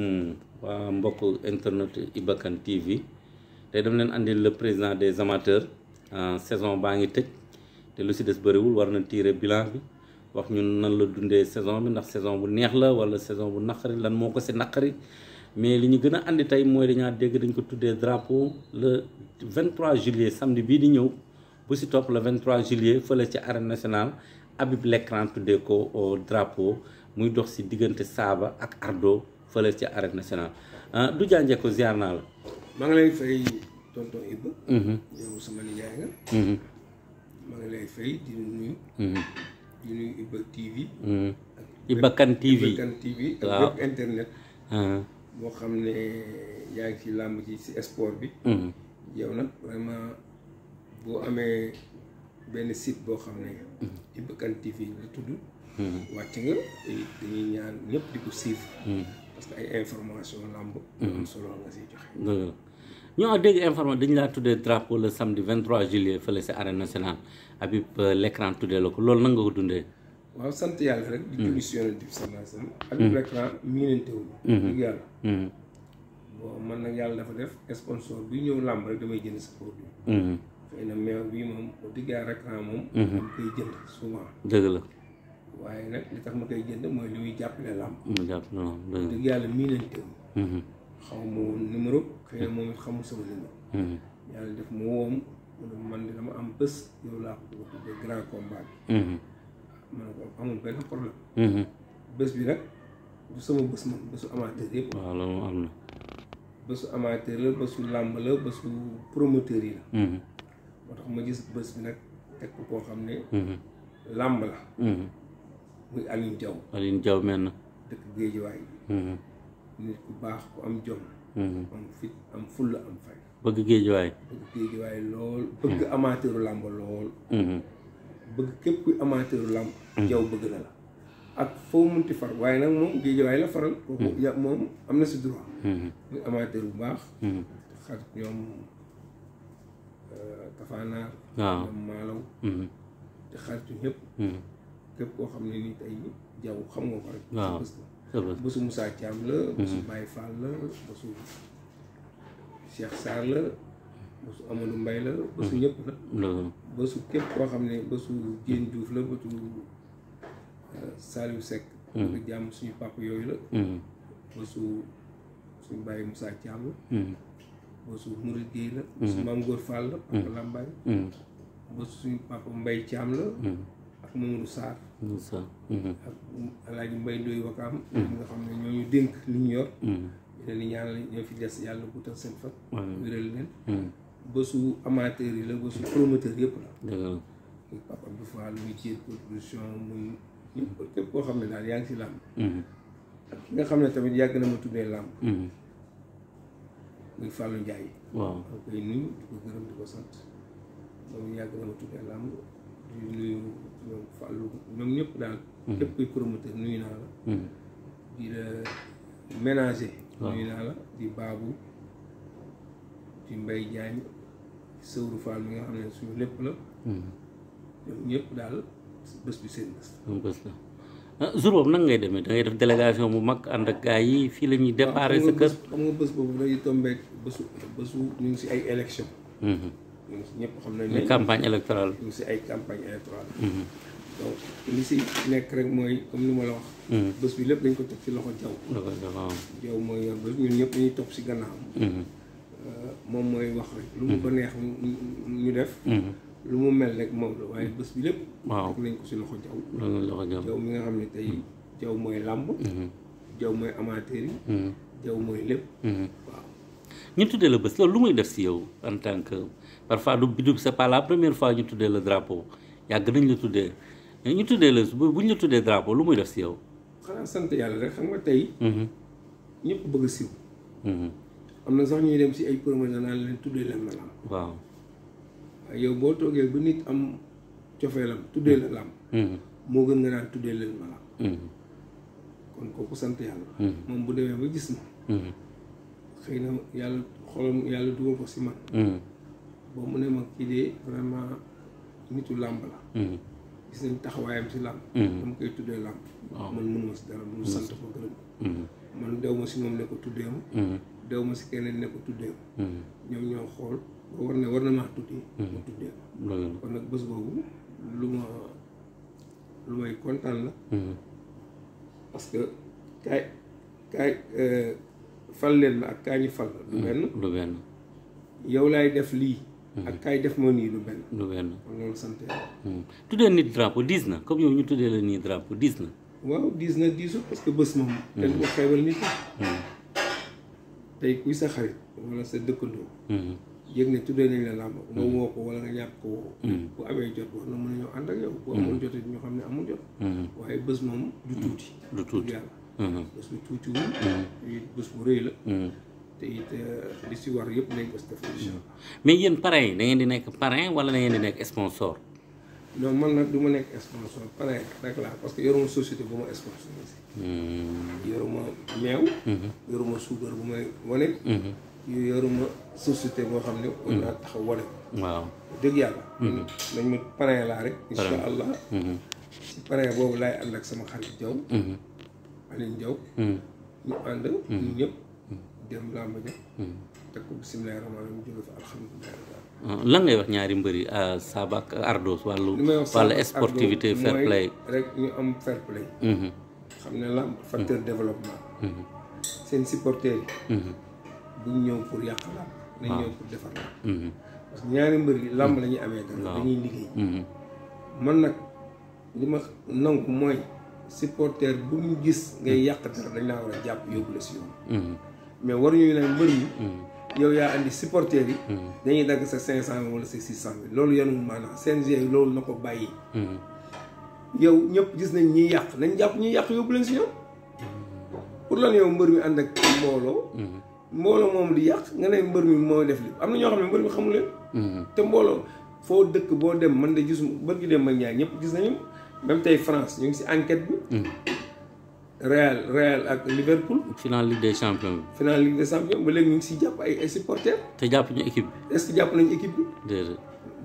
Hmm, waa mbokk internet Iba Kane TV tey dem leen andil le président des amateurs ah, saison baa ngi tëj te lu si des bëriwul war na tirer bilan bi wax ñun nan la dundee saison bi ndax saison bu neex la wala saison bu naqari lan moo ko si naqari mais li ñu gën a andi tey mooy dañaa dégg dañ ko tuddee drapeau le 23 juillet samedi bii di ñëw bu si topp le 23 juillet fële ci arène nationale Habib Lecran tuddee ko au euh, drapeau muy dox si diggante saaba ak Ardo fële ci arène nationale ah, du jànjee ko ziar naa la. maa ngi lay fay tonton Ibba. Mhm. yow sama nijaay nga. Mhm. maa ngi lay fay di nuyu. Mhm. di nuyu Ibba TV. Ibba Kane TV ak internet. Ah. boo xam ne yaa ngi ci làmb ci si sport bi. yow nag vraiment boo amee benn site boo xam ne. Ibba Kane TV la tudd. wàcc nga dañuy ñaan ñëpp di ko suivre. parce que ay information lamb am solo nga siy joxe. ñoo ak dégg information dañu laa tuddee drapeau le samedi 23 juillet fële si arène nationale Habib euh, l'écran tuddee la ko loolu nan nga ko dundee. waaw sant yàlla rek. di julli si yonent bi sallallahu alayhi wasallam. Habib l'écran miinante dafa def sponsor bi ñëw moom bu diggee l'écran moom. dañ koy jënd souvent. dëgg la. waaye nak kita mungkin ma koy jënd mooy lu ñuy jàppale lam. jàppale lam hmm. dëgg la dëgg yàlla mii lañ tëm. xawma woon numéro xëy na moom it xamu sama numéro. yàlla def mu woom mu ne man di dama am bés yow laa ko wax de grand combat bi. ma ne ko amul benn problème. bés bi nag du sama bés muy Alioune Diaw Alioune Diaw mel dëkk Géejawaay mm-hmm. nit baax ku am jom mm-hmm. am fit am fulla am fay bëgg Géejawaay lool bëgg mm-hmm. amateuru làmb lool bëgg képp kuy amateuru làmb Diaw bëgg na la ak foo munti far waaye nag moom Géejawaay la faral moom am na si droit muy amateur bu baax xat ñoom euh, Tafaanaar ñoom Maalaw te xaritu ñëpp képp koo xam ne nii tey jaw xam nga ko rek. waaw bés la bésu Moussa Thiam la. Mhm. bésu Baye Fall la su Cheikh Sarr la. bésu Amadou Mbaye la. bésu mhm. ñëpp képp koo xam ne su Diène Diouf la bésu euh, Saliou Seck. nga mhm. jàmm suñu papa yooyu la. bésu suñu Baye Moussa Thiam la. bésu Mouride Gueye la. bésu Mame Goor Fall la. papa Lambaye. bésu suñu papa Mbaye Thiam la. ak Mamadou Sarr. Mamadou Sarr. Mhm. ak El Hadj Mbaye Ndoye Wakaam. Mhm. nga xam ne ñoo ñu dénk li yor. Mhm. ñoo fi des yàlla guddal seen fan. wéral leen. bésu amateur yi la bésu promoteur yëpp la. dëgg muy Pape Abdou Fall muy Thiel production muy ñëpp képp koo xam ne daal yaa ngi si làmb. ki nga xam ne tamit yàgg na ma tuddee làmb. muy Fallou Ndiaye. waaw koy nuyu di ko gërëm di ko sant moom yàgg na ma tuddee làmb. di nuyu ñoom Fallou ñoom daal. képp hmm. kuy promoteur nuyu naa la. Hmm. di la ménager. nuyu naa la di Babou di Mbaye Diagne Sëwru Fall mi nga xam ne suñu lépp la. Hmm. ñoom daal bés bi seen bés. ah jour nag ngay demee da def délégation bu mag ànd ak gars yi fii la ñuy déparé sa kër. xam nga bés boobu day ngi si ay élection ñëpp xam nañ ne campagne électorale ñu ngi si ay campagne électorale mhm. donc li si nekk rek mooy comme li ma wax mhm. bés bi lépp dañ ko teg ci loxo jaw jaw mooy yor ñëpp dañuy topp si gànnaaw mhm. euh, moom mooy wax rek lu mu ko neex ñu def lu mu mel rek moom la waaye bés bi lépp waaw teg nañ ko si loxo jaw jaw mi nga xam ne tey jaw mooy làmb jaw mooy amateur yi jaw mooy lépp waaw ñu tuddee la bés loolu lu muy def si yow en tant que parfois du bidub sa pas la première fois ñu tuddee la drapeau yàgg nañ la tuddee ñu tuddee la bu ñu tuddee drapeau lu muy def si yow. xanaa sant yàlla rek xam nga tey. Mhm. ñëpp bëgg a siiw. Mhm. am na sax ñuy dem si ay promotion naan leen tuddee leen ma boo toogee bu nit am cofeelam mhm. moo gën nga tuddee leen ma kon kooku sant yàlla. moom bu demee ba gis ma. xëy na yàlla xolam yàlla dugal ko si man. Hmm. ba mu ne ma kii de vraiment nitu làmb la. gis hmm. nañ taxawaayam si làmb. dama hmm. koy tuddee làmb. Oh. man mënuma si dara mënuma sant ko gërëm. man dew ma si moom ne ko tuddee ma. dew ma si keneen ne ko tuddee ma. ñoom ñoo xool war ne war na maa tuddi. ma tuddee ma. kon nag bés boobu lu ma lu may kontaan la. parce que kay kay. fal leen ma ak kaay ñu fal du mm, benn du benn yow laay def lii mm-hmm. ak kaa yi def ma nii du benn du benn sant mm. tuddee nit drapeau diis na comme yow ñu tuddee la nii drapeau diis na waaw diis na diisu parce que bés moom mm. kenn ko xeebal nit tey kuy sa xarit wala sa dëkkandoo yëg ne tuddee nañ la làmb nga woo ko wala nga ñàkk ko woo bu amee jot wax na mën a ñoo ànd ak yow bu amul jot ñu xam ne amul jot waaye bés moom lu tuuti du tuuti Mm-hmm. bés bu tuutiwul mm-hmm. it bés bu rëy la mm-hmm. te eh, li si war yëpp nañ ko si def mais yéen parrain yi da ngeen di nekk parrain wala da ngeen di nekk sponsor non man nag du ma nekk sponsor parrain rek laa parce que yoruma société bu ma sponsorisé yoruma meew yoruma bu may wane yu yoruma société boo xam ne war naa taxaw wane waaw dëgg yàlla nañ ma parrain laa rek incha allah si boobu laay ànd ak sama xarit Jaw Alioune Diaw hmm. ñu ànd hmm. ñu ñëpp hmm. dem làmb ja teg ko bisimilah rahmaan rahim jóge fa alhamdulilah lan ngay wax ñaari mbër yi ah, Saba ak Ardos wàllu wàllu sportivité fair play rek ñu am fair play xam ne làmb facteur développement seen supporters buñ ñëw pour yàq làmb nañ ñëw pour defar làmb ñaari mbër yi làmb la ñuy amee dara dañuy liggéey man nag li ma nangu mooy supporter bu mu gis ngay hmm. yàq dara dañ laa war a jàpp yóbbu la si yoon. Hmm. mais waruñu ne mbër mi. Hmm. yow yaa andi supporter yi. dañuy dagg sa cinq cent mille wala sa six cent bi loolu yanul maanaam CNG loolu na ko bàyyi. yow ñëpp gis nañ ñi yàq nañ jàpp ñiy yàq yóbbu leen si yoon. pour lan yow mbër mi ànd ak mbooloo. mbooloo moom di yàq nga ne mbër mi moo def li am na ñoo xam ne mbër mi xamu leen. te mbooloo foo dëkk boo dem man de gisuma bër gi dem ba ñaar ñëpp gis nañu. même tey France ñu ngi si enquête bi. Hmm. Real Real ak Liverpool. final Ligue des champions bi. final Ligue léegi ñu ngi si jàpp ay ay supporters. te jàpp ñu équipe bi. est jàpp nañu équipe bi.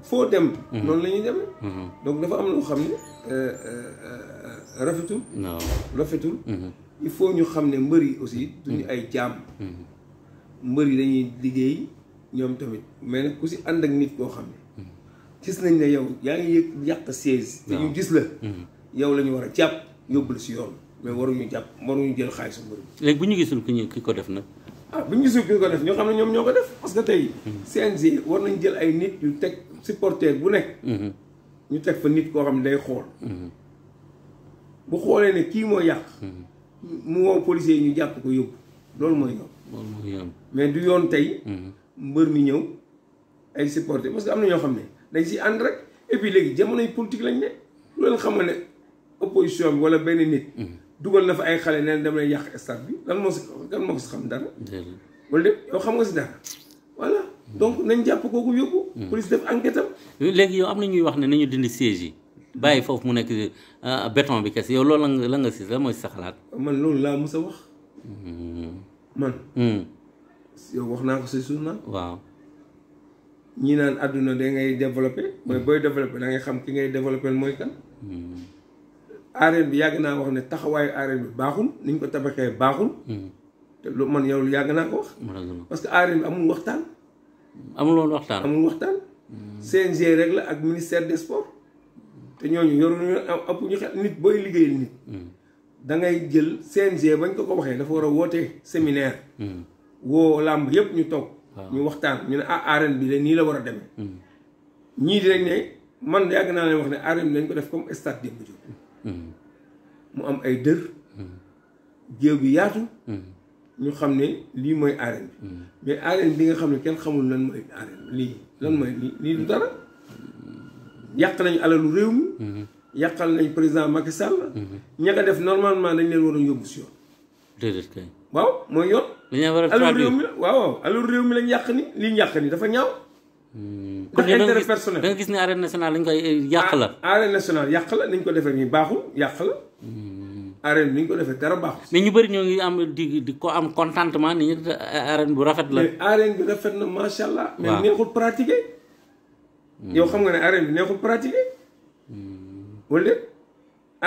foo dem. Hmm. noonu lañuy dem hmm. donc dafa am loo xam ne euh, euh, euh, rafetul. waaw rafetul. il faut ñu xam ne mbër yi aussi. duñu ay jaam. mbër yi dañuy liggéey ñoom tamit mais nag ku si ànd ak nit koo xam ne. gis nañ ne yow yaa ngi yëg yàq siège te ñu gis la mhm. yow lañu war a jàpp yóbbu la si yoon mais waruñu jàpp waruñu jël xaalisu mbër bu ñu gisul ki ñu ko def nag ah bu ñu gisul ko def ñoo xam ne ñoom ñoo ko parce que tey mhm. CNG war nañ jël ay nit yu teg supporter bu nekk mhm. ñu teg fa nit koo xam ne day xool bu xoolee ne kii moo yàq mu woo policier yi ñu jàpp ko yóbbu loolu mooy yoon mais du yoon tey mbër mi ñëw ay supporter parce am na ñoo xam ne dañ si ànd rek et puis léegi jamonoy politique lañ ne lu leen xamal ne opposition bi wala benn nit. Mm-hmm. dugal na fa ay xale neen dem lay yàq stade bi lan moo si lan moo xam dara. wala si dara voilà. Mm-hmm. donc nañ jàpp kooku yóbbu. Mm-hmm. police def enquête léegi yow am na ñuy wax ne nañu dindi siège yi. bàyyi foofu mu nekk ah, béton bi kese yow loolu la lan nga si la mooy sa xalaat. man loolu laa mus a wax. man. Mm. yow wax naa ko si suuf naa. waaw. ñi naan àdduna da ngay développé mooy booy développé dangay xam ki ngay développé mooy kan. Hmm. arène bi yàgg naa wax ne taxawaayu arène bi baaxul ni ñu ko tabaxee baaxul. Hmm. te lu man yow yàgg naa ko wax. parce que arène bi amul waxtaan. amul woon waxtaan amul waxtaan. Hmm. CNG rek la ak ministère des sports. te ñooñu yoruñu ëpp ñu xel nit booy liggéeyal nit. da ngay jël CNG bañ ko ko waxee dafa war a wootee séminaire. woo làmb yëpp ñu toog. ñu waxtaan ñu ne ah arène bi de nii la war a demee. Hmm. ñii di rek ne man yàgg naa leen wax ne arène bi lañ ko def comme stade Demba Diop. Hmm. mu am ay dër. Hmm. géew bi yaatu. ñu xam ne lii mooy arène bi. mais arène bi nga xam ne kenn xamul lan mooy arène lii lan mooy lii lii dara. yàq nañu alalu réew mi. yàqal nañ président Macky Sall. ña ko def normalement dañ leen war a yóbbu si yoon. waaw mooy yoon. dañoo war a réew mi waaw alors réew mi lañ yàq ni li ñu yàq ni dafa ñaaw. Hmm. ndax intérêt personnel da nga gis ne arène nationale lañ koy eh, yàq la. Ah, arène nationale yàq la ko defer nii baaxul yàq la. Hmm. arène bi ñu ko dara baaxul. mais ñu bëri ñoo ngi am di di ko am contentement ni ñu arène bu rafet la. mais arène bi rafet na macha allah. mais neexul pratiquer. Hmm. yow xam nga ne arène bi neexul pratiquer. wala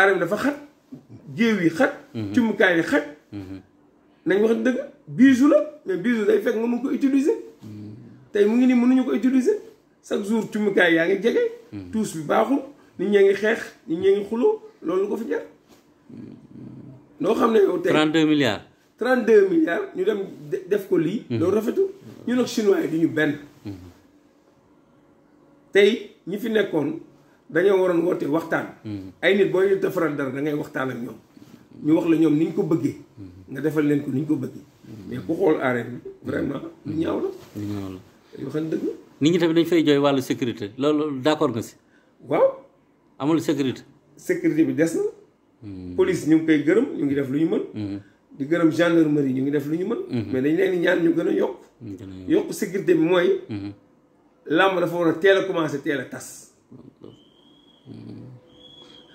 arène dafa xat. géew yi xat. cumukaay yi xat. nañ wax dëgg bijou la mais bijou day fekk nga mun ko utiliser. tey mu ngi nii mënuñu ko utiliser chaque jour cumukaay yaa ngi jege. tuus bi baaxul nit ñee ngi xeex nit ñee ngi xuloo loolu ko fi jar. loo xam ne yow tey 32 milliards. 32 milliards ñu dem def ko lii. Mhm. loolu rafetul ñu nag chinois yi ñu benn. Mhm. tey ñi fi nekkoon dañoo waroon woote waxtaan. Mhm. ay nit boo ñu defaral dara da ngay waxtaan ak ñoom. ñu wax la ñoom ni ñu ko bëggee nga defal leen ko ni ñu ko bëggee mais ku xool arène bi vraiment ñaaw la lu ñaaw la yoo xam ne dëgg nit ñi tamit dañ fay jooy wàllu sécurité loolu d'accord nga si waaw amul sécurité sécurité bi des na hmm. police ñu ngi koy gërëm ñu ngi def lu ñu mën hmm. di gërëm gendarmerie ñu ngi def lu ñu mën hmm. mais dañ leen di ñaan ñu gën a yokk yokk sécurité bi mooy làmb dafa war a teel a commencé teel a tas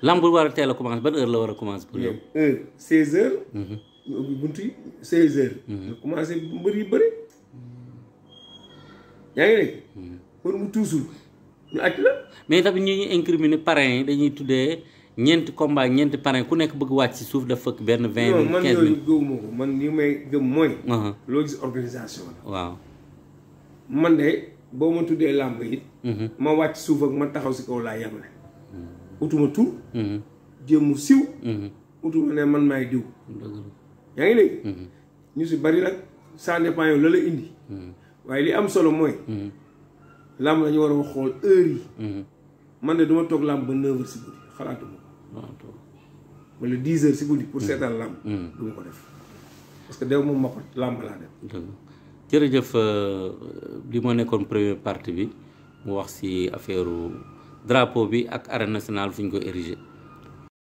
lamb bu war a teel a commencé ban heure la war a commencé pour yow. heure 16h. ñu bunt yi 16h. Mhm. mbër yi bëri. yaa ngi ñu mhm. aj la. mais tamit ñu incriminé parrain yi dañuy tuddee ñeenti combat ñeenti parrain ku nekk bëgg wàcc si suuf dafa fëkk benn vingt mille quinze mille. non ko man li may gëm mooy. Uh-huh. loo gis organisation la. waaw man de boo ma tuddee làmb yi. Mhm. ma wàcc suuf ak ma taxaw si kaw laa yemale. utuma tur mhm. jéemu siw mhm. utuma ne man maay diw yaa ngi dégg mhm. ñu si bari nag ça dépend yow la indi waaye li am solo mooy làmb dañu war a xool heure yi man de duma toog làmb ba neuf heures si guddi xalaatuma ko ah, wala dix si guddi pour seetaan làmb duma ko def parce que dew moom ma ko làmb laa def jërëjëf li euh, moo nekkoon première partie bi mu wax si affaire drapeau bi ak arène nationale fu ñu ko érigé